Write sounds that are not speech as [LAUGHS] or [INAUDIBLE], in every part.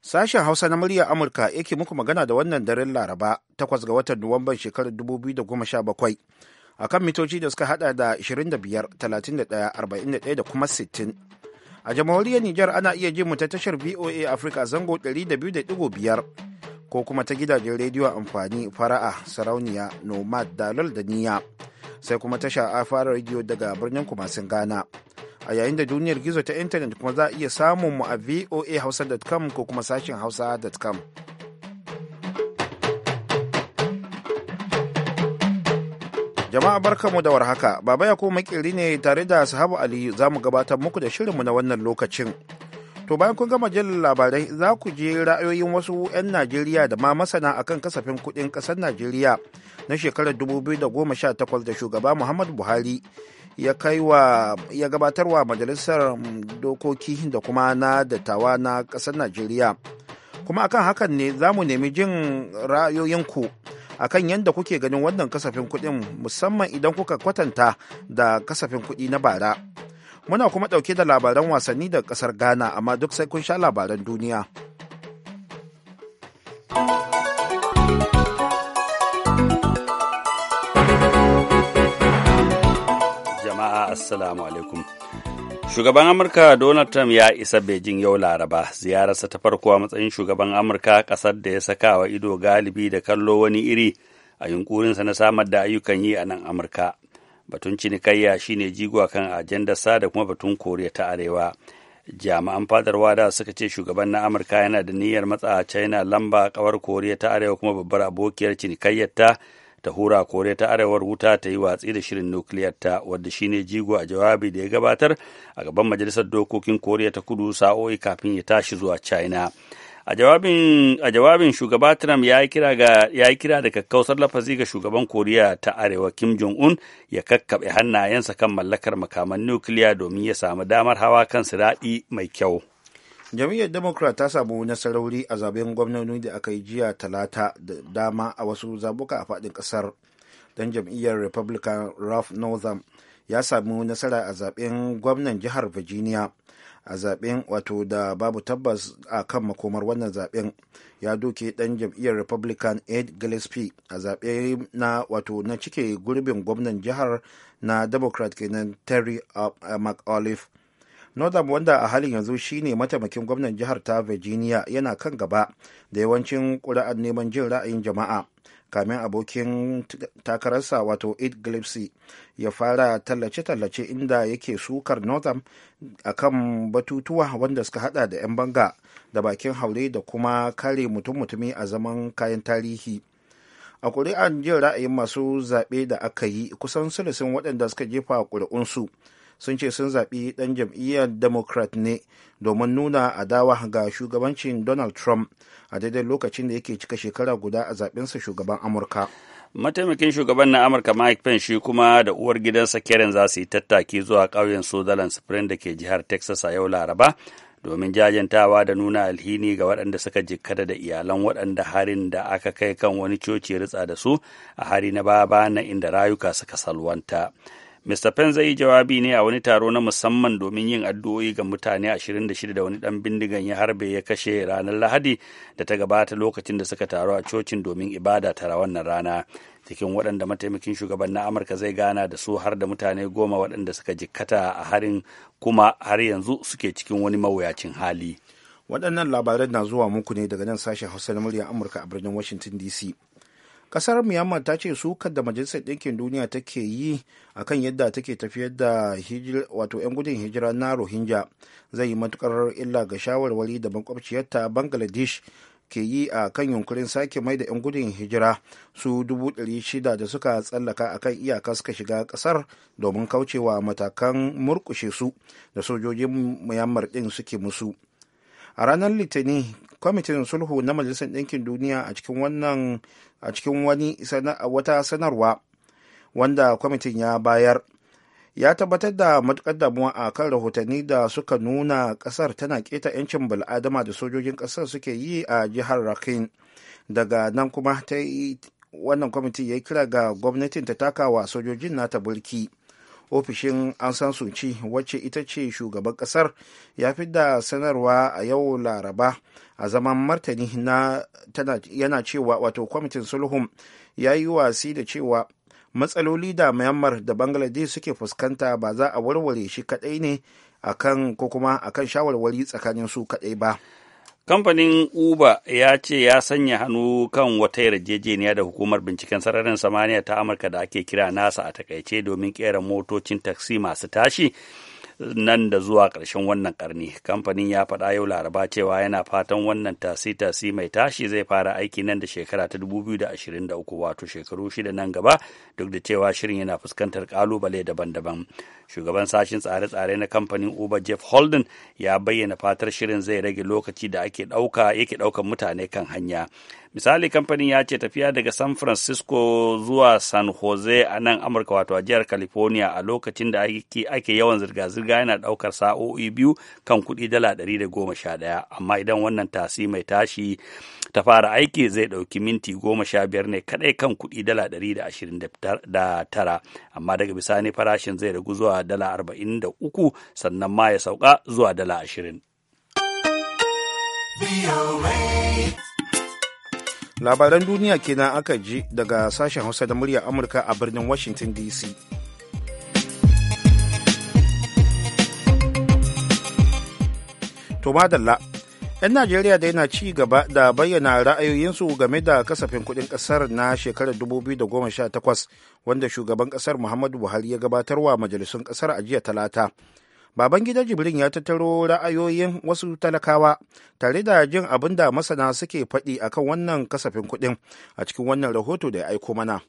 Sashen Hausa na murya Amurka yake muku magana da wannan daren Laraba takwas ga watan Nuwamban shekarar 2017 a kan mitoci da suka hada da 25, 31, 41 da kuma 60. A jamhuriyar Nijar ana iya jin mu ta tashar VOA Africa zango 200.5 ko kuma ta gidajen rediyo amfani fara'a sarauniya nomad dalal da niyya. sai kuma tasha a fara rigiyo daga birnin kumasin ghana a yayin da duniyar gizo ta intanet kuma za a iya samun mu a voa hausa.com ko kuma sashen hausa.com jama'a barkamu da warhaka baba ya ko makiri ne tare da sahabu ali za mu gabatar muku da shirinmu na wannan lokacin To bayan kun gama jin labarai za ku je ra'ayoyin wasu 'yan Najeriya da ma masana akan kasafin kuɗin kasar Najeriya na shekarar 2018 da shugaba Muhammadu Buhari ya kai wa ya gabatar wa majalisar dokoki da kuma na dattawa na kasar Najeriya. Kuma akan hakan ne za mu nemi jin ra'ayoyinku akan yadda kuke ganin wannan kasafin kuɗin musamman idan kuka kwatanta da kasafin kuɗi na bara. Muna kuma ɗauke da labaran wasanni da ƙasar Ghana, amma duk sai kun sha labaran duniya. Jama'a Assalamu alaikum. Shugaban Amurka Donald Trump ya isa Beijing yau Laraba, ziyararsa ta farko a matsayin shugaban Amurka ƙasar da ya saka wa ido galibi da kallo wani iri a yunkurinsa na samar da ayyukan yi a nan Amurka. batun cinikayya shine jigo a kan ajandar sa da kuma batun koriya ta arewa jami'an fadar wada suka ce shugaban na amurka yana da niyyar matsa a china lamba kawar koriya ta arewa kuma babbar abokiyar cinikayyar ta ta hura koriya ta arewar wuta ta yi watsi da shirin nukiliyar ta wadda shine jigo a jawabi da ya gabatar a gaban majalisar dokokin koriya ta kudu sa'o'i kafin ya tashi zuwa china a jawabin shugaba trump ya yi kira ga ya da kakkausar lafazi ga shugaban koriya ta arewa kim jong un ya kakkaɓe hannayensa kan mallakar makaman nukiliya domin ya samu damar hawa kan siraɗi mai kyau jam'iyyar democrat ta samu nasarori a zaben gwamnoni da aka yi jiya talata da dama a wasu zabuka a faɗin ƙasar don jam'iyyar republican ralph northam ya samu nasara a zaben gwamnan jihar virginia a zaben wato da babu tabbas a kan makomar wannan zaben ya doke dan jam'iyyar republican ed gillespie a zaɓe na wato na cike gurbin gwamnan jihar na democrat kenan terry uh, uh, mcauliffe northern wanda a halin yanzu shine mataimakin gwamnan jihar ta virginia yana kan gaba da yawancin ƙuri'ar neman jin ra'ayin jama'a kamin abokin takararsa wato ed glipsy ya fara tallace-tallace inda yake sukar northern a kan batutuwa wanda suka hada da 'yan banga da bakin haure da kuma kare mutum-mutumi a zaman kayan tarihi a kuri'an jin ra'ayin masu zaɓe da aka yi kusan sulusun waɗanda suka jefa ƙuri'unsu sun ce sun zaɓi ɗan jam'iyyar democrat ne domin nuna adawa ga shugabancin donald trump a daidai lokacin da yake cika shekara guda a zaɓensa shugaban amurka mataimakin shugaban na amurka mike pence shi kuma da uwar gidansa karen za su yi tattaki zuwa ƙauyen sutherland spring da ke jihar texas a yau laraba domin jajantawa da nuna alhini ga waɗanda suka jikkata da iyalan waɗanda harin da aka kai kan wani coci ritsa da su a hari na baba na inda rayuka suka salwanta Mr. Pence zai yi jawabi ne a wani taro na musamman domin yin addu'o'i ga mutane 26 da wani ɗan bindigan ya harbe ya kashe ranar Lahadi da ta gabata lokacin da suka taru a cocin domin ibada tara wannan rana. Cikin waɗanda mataimakin shugaban na Amurka zai gana da su har da mutane goma waɗanda suka jikkata a harin kuma har yanzu suke cikin wani mawuyacin hali. Waɗannan labarai na zuwa muku ne daga nan sashen Hausa na murya Amurka a birnin Washington DC. kasar myanmar ta ce sukar da majalisar ɗinkin duniya take yi a kan yadda take tafiyar da wato 'yan gudun hijira na rohingya zai yi matukar illa ga shawarwari da makwabciyarta bangladesh ke yi a kan yunkurin sake mai da 'yan gudun hijira su shida da suka tsallaka a kan iyaka suka shiga kasar domin kaucewa matakan murkushe su da sojojin myanmar ɗin suke musu a ranar litinin kwamitin sulhu na majalisar ɗinkin duniya a cikin wannan a cikin wani wata sanarwa wanda kwamitin ya bayar ya tabbatar da matukar damuwa a kan rahotanni da suka nuna kasar tana keta 'yancin bal'adama da sojojin kasar suke yi a jihar rakhine daga nan kuma ta wannan kwamiti ya kira ga gwamnatin ta takawa sojojin nata bulki ofishin an san suci wacce ita ce shugaban kasar ya fi da sanarwa a yau laraba a zaman martani na yana cewa wato kwamitin sulhun ya yi wasi da cewa matsaloli da myanmar da bangladesh suke fuskanta ba za a warware shi kadai ne kan ko kuma akan shawarwari tsakanin su kadai ba Kamfanin Uber ya ce ya sanya hannu kan wata yarjejeniya da hukumar binciken sararin samaniya ta Amurka da ake kira NASA a takaice domin kera motocin taksi masu tashi nan da zuwa ƙarshen wannan ƙarni kamfanin ya faɗa yau laraba cewa yana fatan wannan tasi-tasi mai tashi zai fara aiki nan da shekara ta 2023 wato shekaru shida nan gaba duk da cewa shirin yana fuskantar ƙalubale daban-daban shugaban sashen tsare-tsare na kamfanin uber jeff holden ya bayyana fatar shirin zai rage lokaci da ake ɗauka yake ɗaukar mutane kan hanya misali kamfanin ya ce tafiya daga san francisco zuwa san jose a nan amurka wato a jihar california a lokacin da ake yawan zirga-zirga yana daukar sa'o'i biyu kan kuɗi dala ɗari da goma sha ɗaya amma idan wannan tasi mai tashi ta fara aiki zai ɗauki minti goma sha biyar ne kaɗai kan kuɗi dala ɗari tara amma daga bisani farashin zai ragu zuwa dala arba'in da sannan ma ya sauka zuwa dala ashirin. labaran duniya kenan aka ji daga sashen hausa da muryar amurka a birnin washington dc to madalla 'yan najeriya da yana ci gaba da bayyana ra'ayoyinsu game da kasafin kudin kasar na shekarar 2018 wanda shugaban kasar muhammadu buhari ya gabatarwa majalisun kasar a jiya talata baban gidan Jibrin ya tattaro ra'ayoyin wasu talakawa tare da jin abin da masana suke faɗi akan wannan kasafin kuɗin a cikin wannan rahoto da ya aiko mana.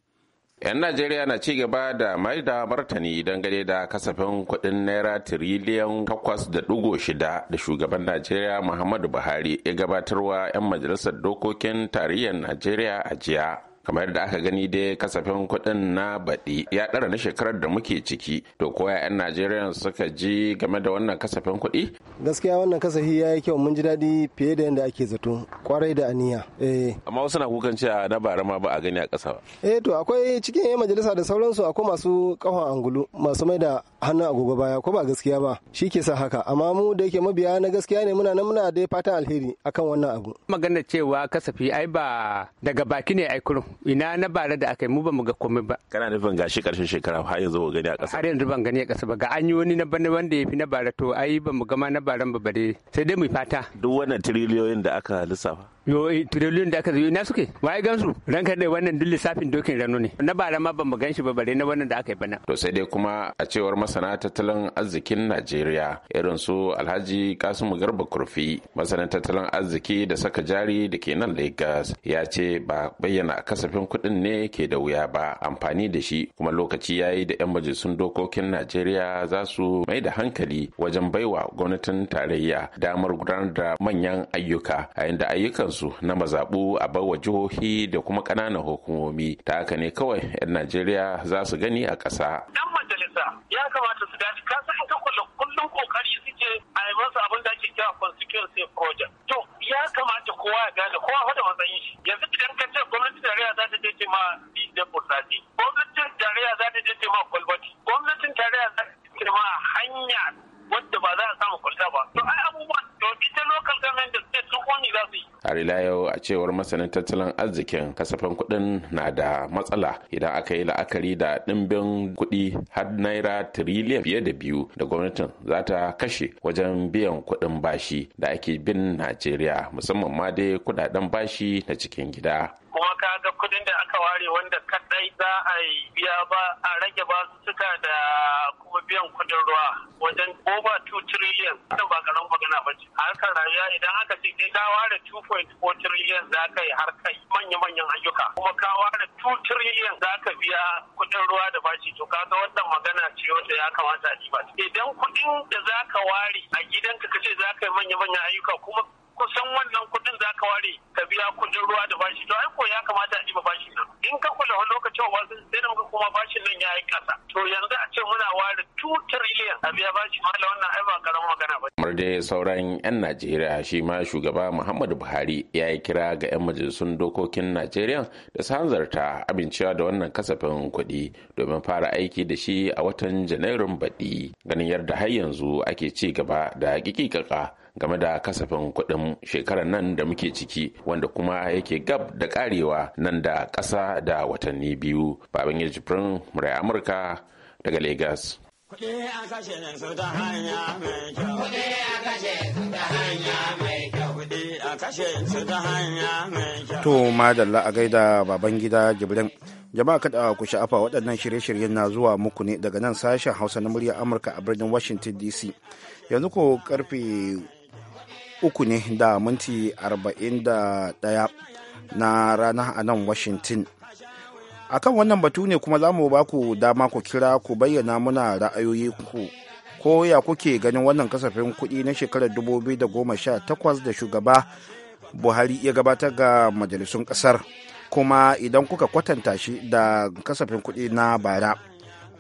'Yan Najeriya na ci gaba da mai da martani dangane da kasafin kuɗin naira tiriliyan takwas da ɗigo shida da shugaban Najeriya Muhammadu Buhari ya gabatarwa 'yan majalisar dokokin tarayyar Najeriya a jiya. kamar yadda aka gani dai kasafin kuɗin na baɗi ya ɗara na shekarar da muke ciki to koya 'yan najeriya suka ji game da wannan kasafin kuɗi gaskiya wannan kasafi ya yi kyau mun ji daɗi fiye da yadda ake zato kwarai da aniya eh amma wasu na kukan cewa na bara ma ba a gani a ƙasa ba eh to akwai cikin yan majalisa da sauransu akwai masu ƙahon angulu masu mai da hannun agogo baya ko ba gaskiya ba shi ke sa haka amma mu da yake mabiya na gaskiya ne muna nan muna da fatan alheri akan wannan abu magana cewa kasafi ai ba daga baki ne ai kurum ina na bara da aka yi mu ba mu ga komai ba kana nufin gashi karshen shekara har yanzu ba gani a ƙasa har yanzu ban gani a ƙasa ba ga an yi wani na bana wanda ya fi na bara to ai ba mu gama na baran ba bare sai dai mu fata duk wannan tiriliyoyin da aka lissafa yo eh, turelin da aka zo ina suke waye gansu ranka dai wannan duk lissafin dokin rano ne na bara ma ban ganshi shi ba bare na wannan da aka yi bana to sai dai kuma a cewar masana tattalin arzikin Najeriya irin su Alhaji Kasimu Garba Kurfi masana tattalin arziki da saka jari da ke nan Lagos ya ce ba bayyana kasafin kuɗin ne ke da wuya ba amfani da shi kuma lokaci yayi da 'yan majalisun dokokin Najeriya za su mai da hankali wajen baiwa gwamnatin tarayya damar gudanar da manyan ayyuka a inda ayyukan kansu na mazaɓu a bawa jihohi da kuma ƙananan hukumomi ta haka ne kawai 'yan najeriya za su gani a ƙasa dan majalisa ya kamata su dace ka san ka kullum kokari suke a yi masa abin da ake kira constituency project to ya kamata kowa ya gane kowa hada matsayin shi yanzu idan ka ce gwamnatin tarayya za ta je ma da gwamnatin tarayya za ta je ma kwalbati gwamnatin tarayya za ta je ma hanya wadda ba za a samu kwalta ba to ai abubuwan to ita local government da state su koni za su yi har ila yau a cewar masanin tattalin arzikin kasafin kuɗin na da matsala idan aka yi la'akari da ɗimbin kuɗi har naira tiriliyan fiye da biyu da gwamnatin za ta kashe wajen biyan kuɗin bashi da ake bin najeriya musamman ma dai kuɗaɗen bashi na cikin gida kuma ka ga kudin da aka ware wanda kaɗai za a yi biya ba a rage ba su suka da kuma biyan kudin ruwa wajen over 2 trillion ba karamin magana ba ce harkar rayuwa idan aka ce ka ware 2.4 trillion za ka yi harkar manyan manyan ayyuka kuma ka ware 2 trillion za ka biya kudin ruwa da bashi to ka ga wannan magana ce wanda ya kamata a ba idan kudin da za ka ware a gidanka ka ce za ka yi manya-manyan ayyuka kuma kusan wannan kudin za ka ware ka biya kudin ruwa da bashi to ai ko ya kamata a ba bashi nan in ka kula lokacin sun sai muka kuma bashin nan ya yi kasa to yanzu a ce muna ware 2 trillion a biya bashi da wannan ai ba karamin magana ba kamar dai sauran 'yan najeriya shi ma shugaba muhammadu buhari ya yi kira ga 'yan majalisun dokokin najeriya da su hanzarta amincewa da wannan kasafin kuɗi domin fara aiki da shi a watan janairun baɗi ganin yadda har yanzu ake ci gaba da hakikikaka game da kasafin kuɗin shekarar nan da muke ciki wanda kuma yake gab da karewa nan da ƙasa da watanni biyu baban yaji firin murai amurka daga lagos Kuɗi a kashe su a To, madalla a gaida baban gida Jibrin. Jama'a kada ku sha'afa waɗannan shirye-shiryen na zuwa muku ne daga nan sashen Hausa na muryar Amurka a birnin Washington DC. Yanzu ko karfe uku ne da minti 41 na rana a nan washington kan wannan batu ne kuma za mu ba ku dama ku kira ku bayyana muna ra'ayoyi ku ko ya kuke ganin wannan kasafin kuɗi na shekarar 2018 da shugaba buhari ya gabatar ga majalisun ƙasar kuma idan kuka kwatanta shi da kasafin kuɗi na bara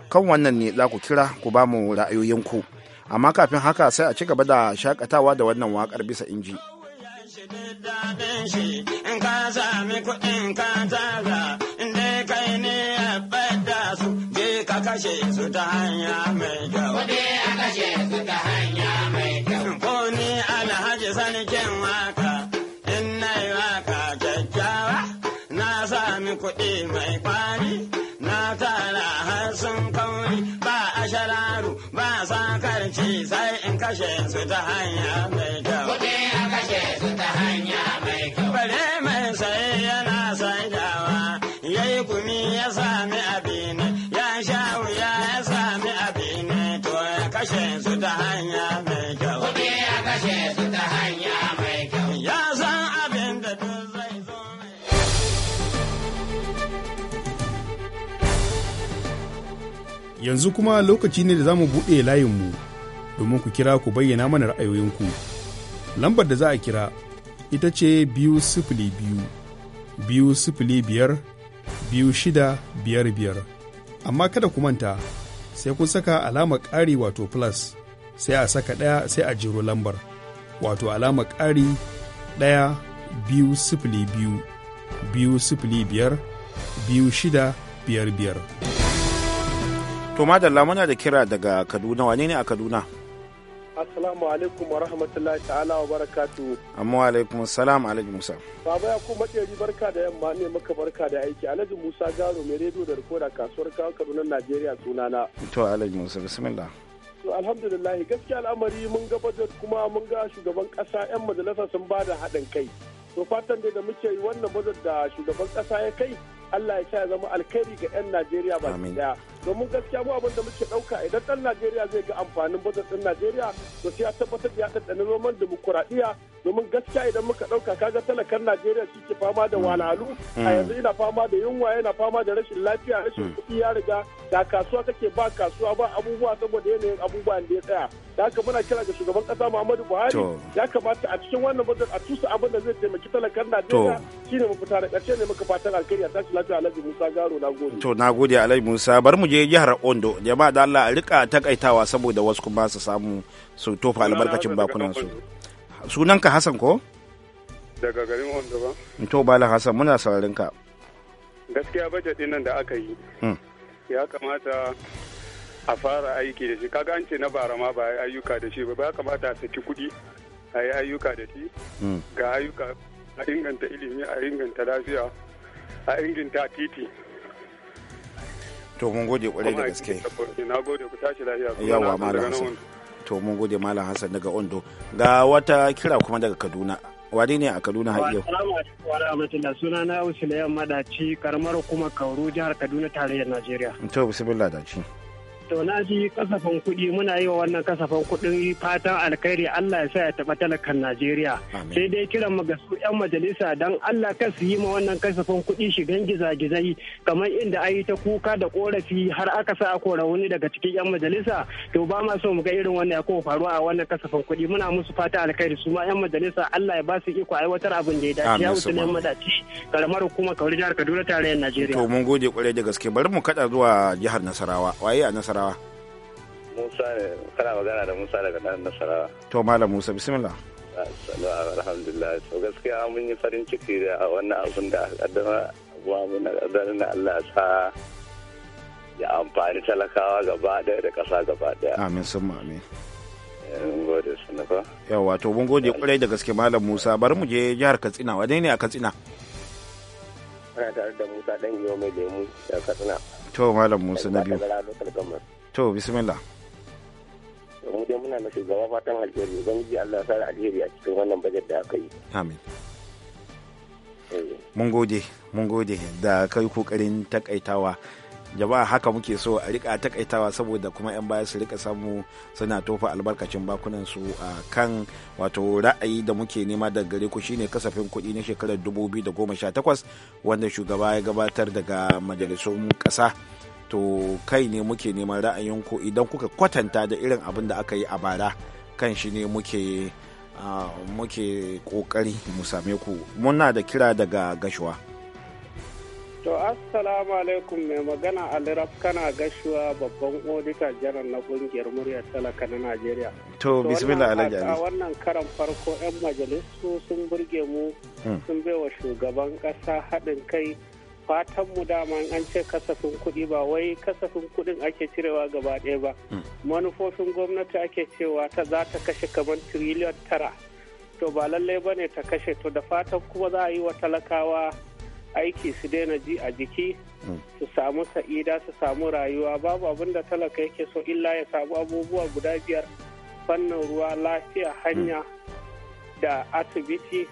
kan wannan ne za ku kira ku ba mu ra'ayoyinku. amma kafin haka sai a ci gaba da shakatawa da wannan wakar bisa inji. In ka kuɗi mai kwari. kashe su ta hanya mai kyau. Kuɗi a kashe su ta hanya mai kyau. Bare mai saye yana saidawa, ya yi kumi ya sami abin, ya sha wuya ya sami abin, to ya kashe su ta hanya mai kyau. Kuɗi a kashe su ta hanya mai kyau. Ya san abin da duk zai zo mai Yanzu kuma lokaci ne da za mu buɗe layinmu. domin ku kira ku bayyana mana ra'ayoyinku. Lambar da za a kira ita ce biyu sifili biyu, biyu sifili biyar, biyu shida biyar biyar. Amma kada ku manta sai kun saka alamar ƙari wato plus sai a saka ɗaya sai a jiro lambar. Wato alamar ƙari ɗaya biyu sifili biyu, biyu sifili biyar, biyu shida biyar biyar. To madalla muna da kira daga Kaduna wane ne a Kaduna? Assalamu alaikum wa rahmatullahi ta'ala wa barakatu. Amma wa alaikum salam alaji Musa. Baba ya kuma ɗari barka da yamma ne maka barka da aiki. Alhaji Musa Garo mai rediyo da rikoda kasuwar kawo Kaduna Najeriya sunana. To alaji Musa bismillah. To alhamdulillah gaskiya al'amari mun ga budget kuma mun ga shugaban kasa 'yan majalisa sun ba da haɗin kai. To fatan da muke yi wannan budget da shugaban kasa ya kai Allah ya sa ya zama alkhairi ga 'yan Najeriya ba daya. Domin gaskiya mu abin da muke ɗauka idan ɗan Najeriya zai ga amfanin budget ɗin Najeriya to sai ya tabbatar da ya ɗanɗana roman demokuraɗiyya domin gaskiya idan muka ɗauka kaga talakan Najeriya shi ke fama da mm. walalu a mm. yanzu ina fama da yunwa yana fama da rashin lafiya rashin mm. kuɗi ya riga da kasuwa kake ba kasuwa ba abubuwa saboda yanayin abubuwan da ya tsaya. Da haka muna kira ga shugaban ƙasa Muhammadu Buhari ya kamata a cikin wannan budget a tusa abin da zai taimaki talakan Najeriya shine mu fita da ƙarshe ne muka fatan alkhairi a tashi lafiya Alhaji Musa Garo na gode. To na gode Alhaji Musa bari mu je jihar Ondo jama'a da Allah a rika takaitawa saboda wasu kuma su samu su tofa albarkacin bakunan su. sunan ka hasan ko? Daga garin Ondo ba. To Bala hasan muna sauraron ka. Gaskiya bajet din nan da aka yi. Hmm. Ya kamata a fara aiki da shi kaga an ce na bara ma ba ayyuka da shi ba ba kamata a saki kudi a yi ayyuka da shi hmm. ga ayyuka a inganta ilimi a inganta lafiya a inginta titi to mun gode kwarai da gaske na gode ku tashi lafiya yawa malam hassan to mun gode malam hassan daga ondo ga wata kira kuma daga kaduna wani ne a kaduna har yau suna na usulayen madaci karamar kuma kauru jihar kaduna tarayyar najeriya to bismillah ci. To na ji kasafin kuɗi muna yi wa wannan kasafin kuɗin fatan alkhairi Allah ya sa ya taɓa talakan Najeriya. Sai dai kiran mu ga su 'yan majalisa don Allah kan su yi ma wannan kasafin kuɗi shigan gizagizai kamar inda yi ta kuka da korafi har aka sa a kora wani daga cikin 'yan majalisa. To ba ma so mu ga irin wannan ya ko faruwa a wannan kasafin kuɗi muna musu fata alkhairi su ma 'yan majalisa Allah ya ba su iko aiwatar abin da ya dace. Ya wuce neman madaci karamar hukumar Kauri jihar Kaduna tarayyar Najeriya. To mun gode kwarai da gaske bari mu kaɗa zuwa jihar Nasarawa. Waye a Nasarawa? nasarawa musa ne kana magana da musa daga nan nasarawa to malam musa bismillah ah, alhamdulillah so gaskiya mun yi farin ciki da wannan abun da kaddama abuwa mun na Allah sa ya amfani talakawa gaba daya da kasa gaba daya amin sun amin eh, yawa to mun gode kwarai da gaske malam musa bari mu je jihar katsina wane ne a katsina Ana tare da Musa ɗan Giyo mai lemu da Katsina. To Malam Musa na biyu. To bismillah. Mu dai muna na shugaba fatan alheri ubangiji Allah ya sa alheri a cikin wannan bajet da aka yi. Amin. Eh. Mun gode, mun gode da kai kokarin takaitawa. jama'a haka muke so a rika takaitawa saboda kuma 'yan baya su rika samu suna tofa albarkacin bakunan su a kan wato ra'ayi da muke nema daga gare ku shine kasafin kuɗi na shekarar 2018 wanda shugaba ya gabatar daga majalisun ƙasa to kai ne muke neman ra'ayin ku idan kuka kwatanta da irin abin da aka yi a bara kan shi ne muke muke ƙoƙari mu same ku muna da kira daga gashuwa. To assalamu alaikum mai magana Aliraf kana gashuwa babban odita janar na kungiyar murya talaka na Najeriya. To bismillah alaji A wannan karan farko 'yan majalisu sun burge mu hmm. sun baiwa shugaban kasa haɗin kai fatan mu dama an ce kasafin kuɗi ba wai kasafin kuɗin ake cirewa gaba ɗaya ba. Hmm. Manufofin gwamnati ake cewa ta za ta kashe kamar tiriliyon tara. To ba lallai ba ne ta kashe to da fatan kuma za a yi wa talakawa aiki su daina ji a jiki mm. su samu sa'ida su samu rayuwa babu abin da talaka yake so illa ya samu abubuwa guda biyar fannin ruwa lafiya hanya mm. da asibiti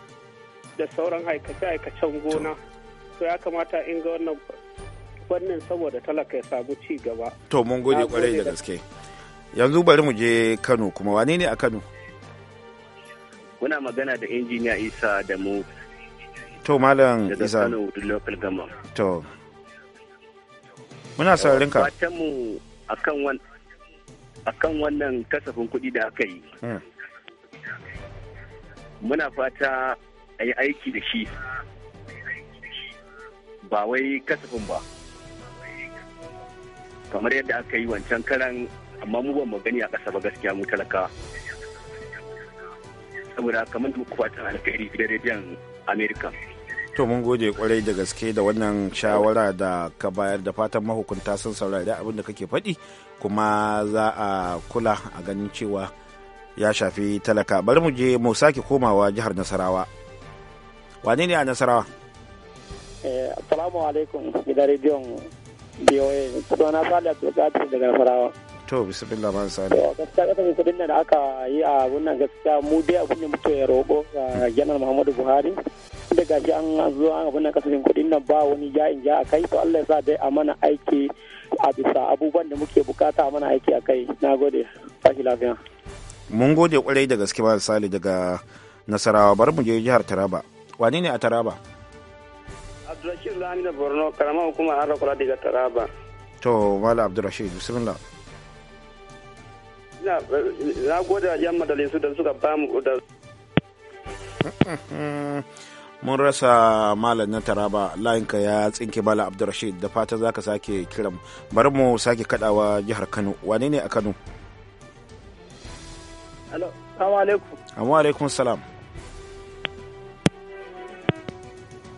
da sauran aikace-aikacen gona to ya kamata in ga wannan fannin saboda talaka ya samu ci gaba to mun gode kwarai da gaske yanzu bari mu je kano kuma wane ne a kano muna magana da injiniya isa da mu to malam isa to muna saurin ka mu akan wannan kasafin kuɗi da aka yi hmm. muna fata a yi aiki da shi ba wai kasafin ba kamar yadda aka yi wancan karan amma mu ban magani a ƙasa ba gaskiya mu talaka saboda kamar da muku fatan alkhairi gidan rediyon america to mun gode kwarai da gaske da wannan shawara da ka bayar da fatan mahukunta sun saurari abin da kake faɗi kuma za a kula a ganin cewa ya shafi talaka bari mu je mu sake komawa jihar nasarawa wane ne a nasarawa eh, assalamu alaikum gidan rediyon boa suna sali abdulkadir daga nasarawa to bismillah man sali gaskiya kasafin kudin da aka yi a wannan gaskiya mu dai abin da muke roƙo ga janar muhammadu buhari da gashi an zo an abin kasashen kudin nan ba wani ja'in ja a kai to Allah ya sa dai a mana aiki a bisa abubuwan da muke bukata a mana aiki a kai na gode tashi lafiya mun gode kwarai da gaske ba sali daga nasarawa bari mu je jihar taraba wani ne a taraba abdurrashid lani da borno karama hukumar har kula daga taraba to wala abdurrashid bismillah na gode wa yan madalisu da suka bamu da [LAUGHS] mun rasa malam na taraba layinka ya tsinke bala abdurrashid da fata za ka sake kiran bari mu sake kadawa jihar kano wane ne a kano alaikum. alaikum salam.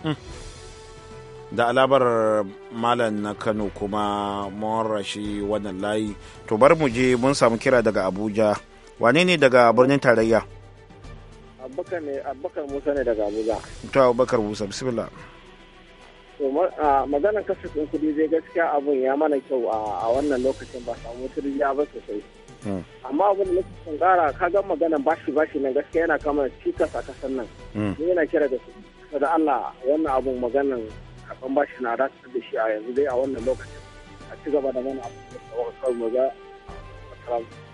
Hmm. Da alabar malam na Kano kuma mun rashi wannan layi. To bari mu je mun samu kira daga Abuja. Wane ne daga birnin tarayya? abubakar ne musa ne daga abuja to abubakar musa bismillah to maganar kasafin kuɗi zai gaskiya abun ya mana kyau a wannan lokacin ba samu turjiya ba sosai hmm. amma abun da nake son kara ka ga maganar bashi bashi nan gaskiya yana kama cikas a kasar nan hmm. ni yana kira da su da Allah wannan abun maganar karban bashi na ratar da shi a yanzu dai a wannan lokacin a ci gaba da mana abun da kawai a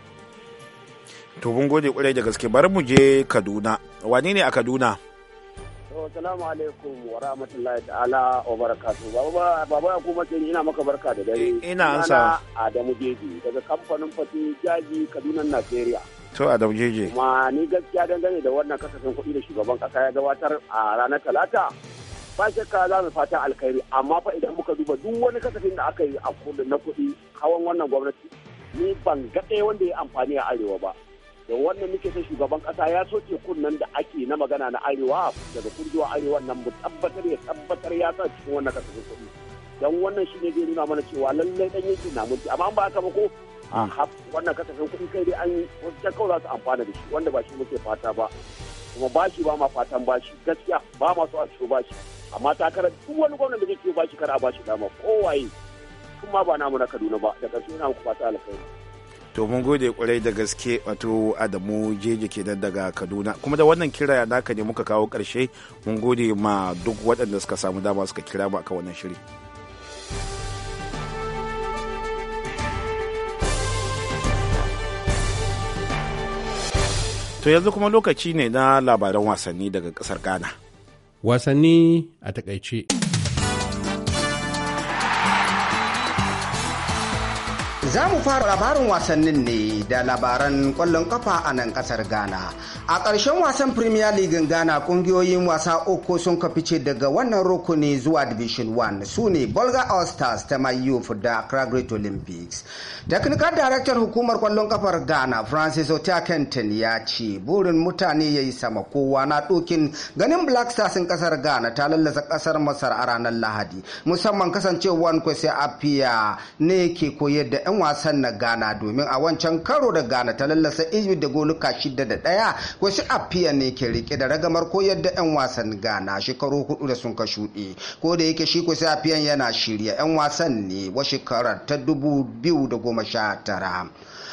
to mun gode kwarai da gaske bari mu je kaduna wani ne a kaduna salamu alaikum wa rahmatullahi ta'ala wa barakatu. Baba baba kuma ce ina maka barka da dare. Eh, ina na Adamu Jeji daga kamfanin Fati Jaji Kaduna Nigeria. To Adamu Jeji. ma ni gaskiya dangane da wannan kasafin kuɗi da shugaban kasa ya gabatar a ranar Talata. Ba shakka za mu fata alkhairi amma fa idan muka duba duk wani kasafin da aka yi a na kuɗi hawan wannan gwamnati ni ban ga wanda ya amfani a arewa ba. da wannan muke son shugaban kasa ya soke kunnen da ake na magana na arewa daga kurjiwa arewa nan mu tabbatar ya tabbatar ya sa cikin wannan kasafin kuɗi don wannan shine zai nuna mana cewa lallai dan yanki na mulki amma ba haka ba ko hmm. wannan kasafin kuɗi kai dai an wasu kawai za su amfana da shi wanda ba shi muke fata ba kuma bashi ba ma fatan bashi gaskiya ba ma so a ciwo bashi amma takarar duk wani gwamnan da zai ciwo bashi kar a bashi dama kowaye kuma ba namu na Kaduna ba da ƙarshe ina muku fata alkhairi to mun gode kwarai da gaske wato adamu jeje kenan daga kaduna kuma da wannan kira naka ne muka kawo karshe mun gode ma duk waɗanda suka samu dama suka kira mu akan wannan shiri to yanzu kuma lokaci ne na labaran wasanni daga ƙasar ghana wasanni a takaice Za mu fara labarin wasannin ne da labaran kwallon kafa a nan kasar Ghana, a ƙarshen wasan premier league ghana ƙungiyoyin wasa uku sun ka fice daga wannan rukuni zuwa division 1 su ne bolga all stars ta mayuf da accra great olympics technical director hukumar kwallon kafar ghana francis otakenton ya ce burin mutane ya yi sama kowa na ɗokin ganin black stars in ƙasar ghana ta lallasa ƙasar masar a ranar lahadi musamman kasancewar Kwesi apia ne ke koyar da 'yan wasan na ghana domin a wancan karo da ghana ta lallasa egypt da goluka shida da ɗaya wasu afiya ne ke rike da ragamar koyar da 'yan wasan gana shekaru hudu da sun ka shuɗe ko da yake shi kusa afiyan yana shirya 'yan wasan ne wa shekarar ta dubu biyu da goma sha tara?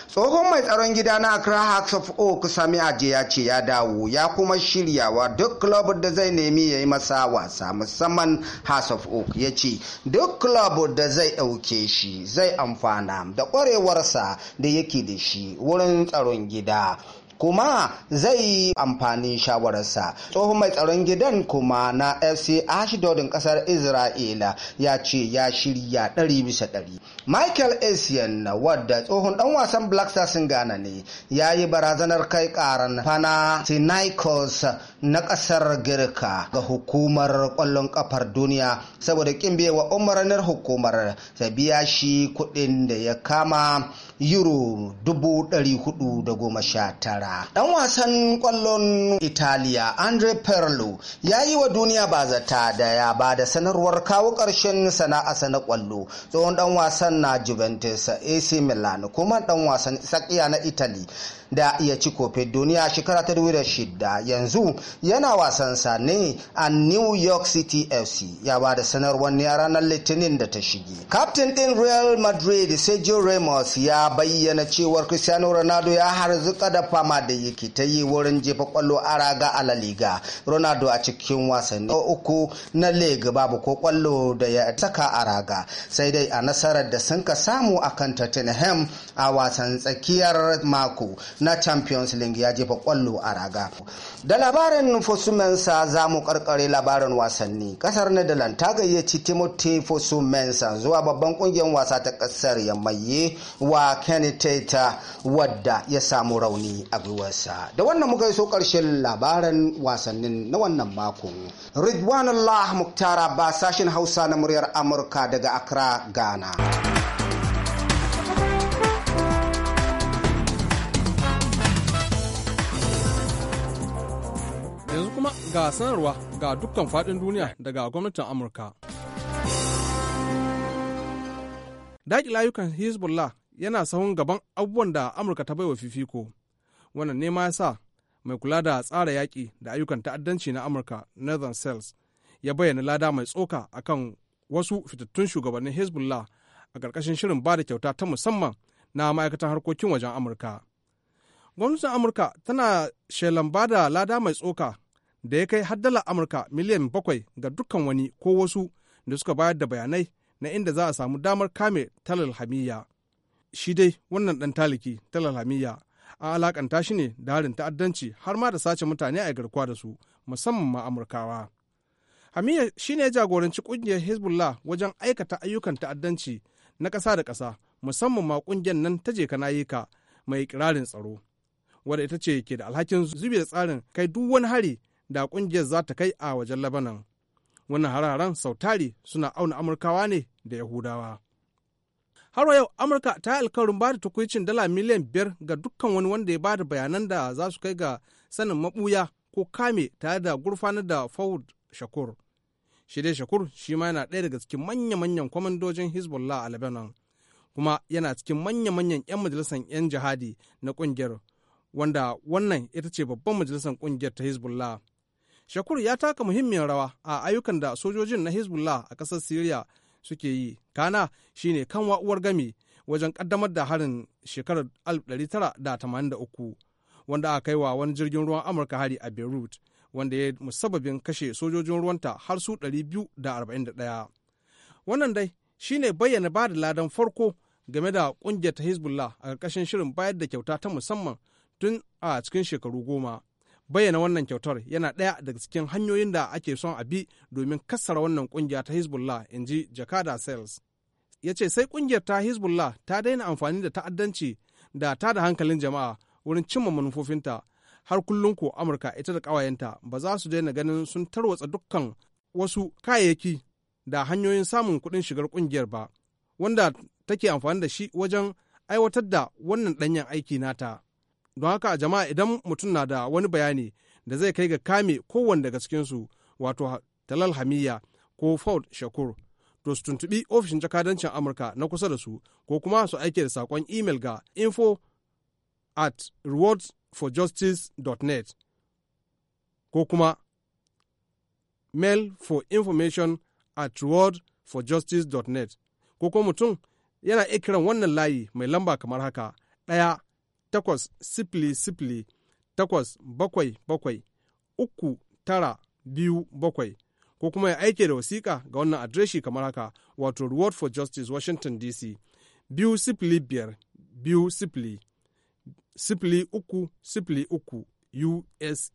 tsohon mai tsaron gida na accra hearts of oak sami aje ya ce ya dawo ya kuma shiryawa duk club da zai nemi ya yi masa wasa musamman hearts of oak ya ce duk club da zai ɗauke shi zai amfana da ƙwarewarsa da yake da shi wurin tsaron gida kuma zai amfani shawararsa tsohon mai tsaron gidan kuma na fc ashdodin kasar isra'ila ya ce ya shirya ɗari bisa ɗari michael asian wadda tsohon ɗan wasan black stars ghana ne ya yi barazanar kai karan panathinaikos na ƙasar Girka ga hukumar ƙwallon ƙafar duniya saboda ƙin wa umarnar hukumar ta biya shi kuɗin da ya kama euro dubu ɗari hudu da goma sha tara. Ɗan wasan ƙwallon Italiya Andre Perlo ya yi wa duniya ba zata da ya ba da sanarwar kawo ƙarshen sana'a na ƙwallo tsohon ɗan wasan na Juventus AC Milan kuma ɗan wasan tsakiya na Italy da iya ci kofin duniya shekara ta da shida yanzu yana wasan ne a new york city fc ya ba da sanarwar ne a ranar litinin da ta shige captain din real madrid sergio ramos ya bayyana cewar cristiano ronaldo ya harzuka da fama da yake ta yi wurin jefa kwallo a raga a la liga ronaldo a cikin wasanni uku na leg babu ko kwallo da ya saka a raga sai dai a nasarar da sun ka samu kan tottenham a wasan tsakiyar mako na champions league ya jefa kwallo a raga da labarin fosumensa za mu karkare labarin wasanni kasar netherlands ta gayyaci timothy fosumensa zuwa babban kungiyar wasa ta kasar ya wa kenitata wadda ya samu rauni a gwiwarsa da wannan muka so karshen labarin wasannin na wannan makon ridwanullah muktara ba sashen hausa na muryar amurka daga accra ghana kuma ga sanarwa ga dukkan fadin duniya daga gwamnatin Amurka. Daƙi layukan Hezbollah yana sahun gaban abubuwan da Amurka ta baiwa fifiko. Wannan nema ya sa mai kula da tsara yaƙi da ayyukan ta'addanci na Amurka Northern cells ya bayyana lada mai tsoka akan wasu fitattun shugabannin Hezbollah a ƙarƙashin shirin ba da kyauta ta musamman na ma'aikatan harkokin wajen Amurka. Gwamnatin Amurka tana shelan ba da lada mai tsoka da ya kai har dala amurka miliyan bakwai ga dukkan wani ko wasu da suka bayar da bayanai na inda za a samu damar kame talal hamiya shi dai wannan dan taliki talal hamiya a alakanta shi ne da harin ta'addanci har ma da sace mutane a garkuwa da su musamman ma amurkawa hamiya shi ne jagoranci kungiyar hezbollah wajen aikata ayyukan ta'addanci na ƙasa da ƙasa musamman ma kungiyar nan ta je ka mai kirarin tsaro wadda ita ce ke da alhakin zubi da tsarin kai duk wani hari da kungiyar za ta kai a wajen labanan wannan hararen sautari suna auna amurkawa ne da yahudawa har yau amurka ta yi alkawarin ba da tukuicin dala miliyan biyar ga dukkan wani wanda ya ba da bayanan da za su kai ga sanin mabuya ko kame tare da gurfanar da fawud shakur shirye shakur shi ma yana ɗaya daga cikin manya-manyan kwamandojin hezbollah a lebanon kuma yana cikin manya-manyan 'yan majalisar 'yan jihadi na ƙungiyar wanda wannan ita ce babban majalisar ƙungiyar ta hezbollah Shakur ya taka muhimmiyar rawa a ayyukan da sojojin na Hezbollah a ƙasar Siriya suke yi. Kana shine kan wa'uwar gami wajen ƙaddamar da harin shekarar 1983 wanda aka kai wani jirgin ruwan Amurka hari a Beirut wanda ya musababin kashe sojojin ruwanta har su 241. Wannan dai shine bayyana ba da ladan farko game da ƙungiyar ta Hezbollah a ƙarƙashin shirin bayar da kyauta ta musamman tun a cikin shekaru goma. bayyana wannan kyautar yana ɗaya daga cikin hanyoyin da ake son a bi domin kassara wannan kungiya ta hezbollah in ji jakada sales ya ce sai ƙungiyar ta hezbollah ta daina amfani da ta'addanci da ta da hankalin jama'a wurin cimma manufofinta har kullum ko amurka ita da ƙawayenta ba za su daina ganin sun tarwatsa dukkan wasu kayayyaki da hanyoyin samun kuɗin shigar ƙungiyar ba wanda take amfani da shi wajen aiwatar da wannan ɗanyen aiki nata. don haka jama'a idan mutum na da wani bayani da zai kai ga kame kowanne daga cikinsu wato talal hamiya ko ford shakur to su tuntubi ofishin jakadancin amurka na kusa da su ko kuma su aike da saƙon imel ga info at rewardsforjustice.net ko kuma mail for information at rewardsforJustice.net ko kuma mutum yana ikiran wannan layi mai lamba kamar haka ɗaya takwas sifili sifili takwas bakwai bakwai uku tara biyu bakwai ko kuma ya aike da wasiƙa ga wannan adireshi kamar haka wato reward for justice washington dc biyu sifili biyar biyu sifili sifili uku sifili uku usa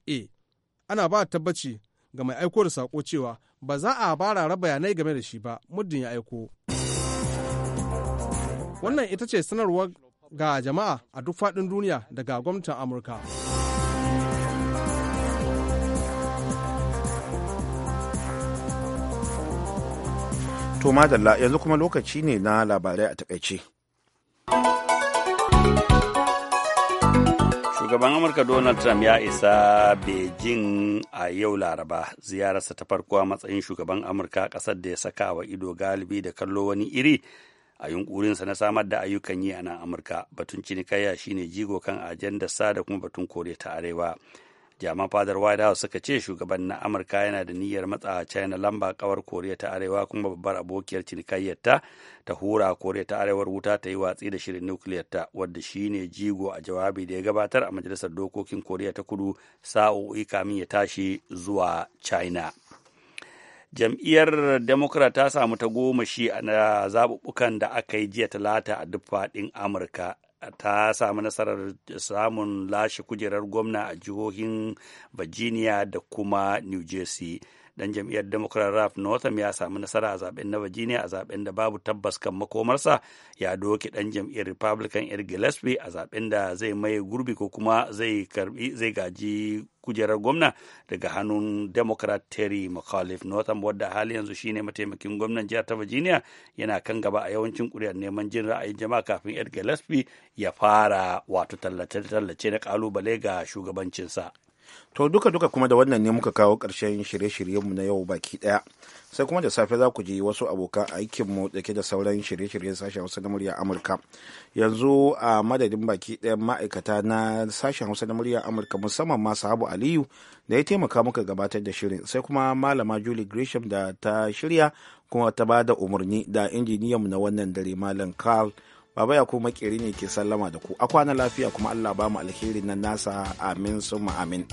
ana ba tabbaci ga mai aiko da saƙo cewa ba za a ba rara bayanai game da shi ba muddin ya aiko wannan ita ce sanarwar ga jama'a a duk faɗin duniya daga gwamnatin Amurka. To madalla yanzu kuma lokaci ne na labarai a takaice. Shugaban Amurka Donald Trump ya isa Beijing a yau Laraba ziyararsa ta farko a matsayin shugaban Amurka ƙasar da ya saka wa ido galibi da kallo wani iri a yunkurinsa na samar da ayyukan yi a nan amurka batun cinikayya shine jigo kan ajandar sa da kuma batun koriya ta arewa jaman fadar white house suka ce shugaban na amurka yana da niyyar matsa china lamba kawar koriya ta arewa kuma babbar abokiyar cinikayyar ta ta hura koriya ta arewar wuta ta yi watsi da shirin nukiliyar ta wadda shine jigo a jawabi da ya gabatar a majalisar dokokin koriya ta kudu sa'o'i kamin ya tashi zuwa china jam'iyyar democrat ta samu ta goma shi na zaɓuɓɓukan da aka yi jiya talata a duk faɗin amurka ta samu nasarar samun lashe kujerar gwamna a jihohin virginia da kuma new jersey dan jam'iyyar democrat ralph northam ya samu nasara a zaben na virginia a zaben da babu tabbas kan makomarsa ya doke dan jam'iyyar republican yar gillespie a zaben da zai maye gurbi ko kuma zai karbi zai gaji kujerar gwamna daga hannun democrat terry mcauliffe northam wadda hali yanzu shine mataimakin gwamnan jihar ta virginia yana kan gaba a yawancin kuri'ar neman jin ra'ayin jama'a kafin yar gillespie ya fara wato tallace-tallace na kalubale ga shugabancinsa To duka-duka kuma da wannan ne muka kawo ƙarshen shirye-shiryenmu na yau baki ɗaya. Sai kuma da safe za ku je wasu abokan aikinmu dake da sauran shirye-shiryen sashen Hausa na murya Amurka. Yanzu a madadin baki ɗayan ma'aikata na sashen Hausa na murya Amurka musamman ma Sahabu Aliyu da ya taimaka muka gabatar da shirin. Sai kuma Malama Julie Gresham da ta shirya kuma ta ba da umarni da injiniyanmu na wannan dare Malam Carl. Baba ya kuma makeri ne ke sallama da ku. A kwana lafiya kuma Allah ba mu alherin nan nasa amin summa amin.